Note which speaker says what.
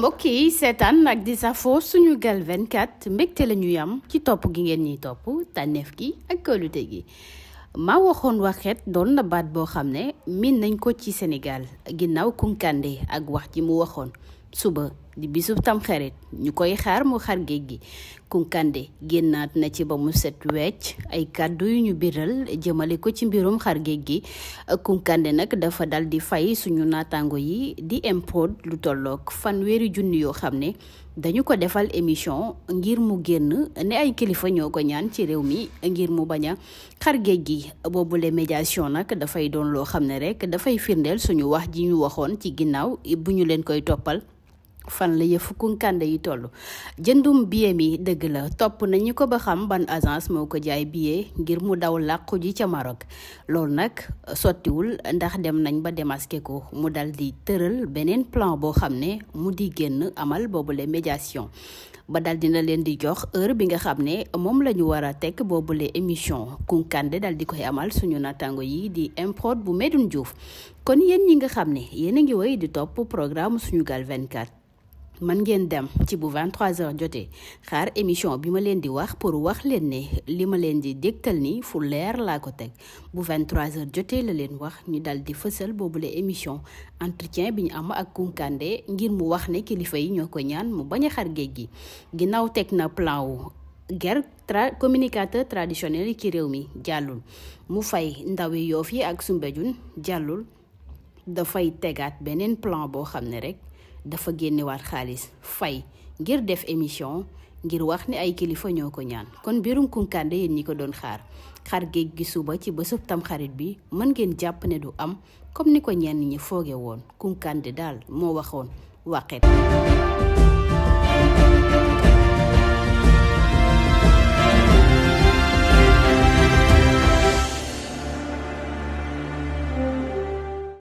Speaker 1: mbokk yi seetaan ak di safoo suñu gal 24 mbégte la ñuy am ci topp gi ngeen ñuy topp tànneef gi ak kóolute gi ma waxoon waxeet doon na baat boo xam ne miin nañ ko ci Sénégal ginnaaw kunkande ak wax ji mu waxoon suba di bisub tamxarit ñu koy xaar mu xar géej gi Kunkande génnaat na ci ba mu set wecc ay kàddu yu ñu biral jëmale ko ci mbirum xar géej gi Kunkande nag dafa dal di fay suñu naataango yi di impôt lu tolloog fanweeri junni yoo xam ne dañu ko defal émission ngir mu génn ne ay kilifa ñoo ko ñaan ci réew mi ngir mu bañ a xar géej gi boobule médiation nag dafay doon loo xam ne rek dafay firndeel suñu wax ji ñu waxoon ci ginnaaw bu ñu leen koy toppal fan la yëfu kunkande yi toll jëndum billet mi dëgg la topp nañu ko ba xam ban agence moo ko jaay billet ngir mu daw làqu ji ca Maroc loolu nag sottiwul ndax dem nañ ba démasqué ko mu dal di tëral beneen plan boo xam ne mu di génn amal boobu boobule médiation ba dal dina leen di jox heure bi nga xam ne moom la ñu war a teg boobule émission kunkande dal di koy amal suñu nattango yi di improd bu Medoune Diouf kon yéen ñi nga xam ne yéen a ngi woy di topp programme Sunugal 24 man ngeen dem ci bu 23h jotee xaar émission bi ma leen di wax pour wax leen ne li ma leen di dégtal ni fu leer laa ko teg bu 23h jotee la leen wax ñu dal di boobu boobule émission entretien bi ñu am ak Kounkandé ngir mu wax ne kilifa yi ñoo ko ñaan mu bañ a xar géej gi ginnaaw teg na plan wu ger tra communicateur traditionnel yi ci réew mi jàllul mu fay ndawi Yoff yi ak Soumbédioune jàllul dafay tegaat beneen plan boo xam ne rek. dafa génnewaat xaalis fay ngir def émission ngir wax ni ay kilifa ñoo ko ñaan kon mbirum Kunkande yéen ñi ko doon xaar xar géej gi suba ci bésub tamxarit bi mën ngeen jàpp ne du am comme ni ko ñenn ñi fooge woon Kunkande daal moo waxoon waqet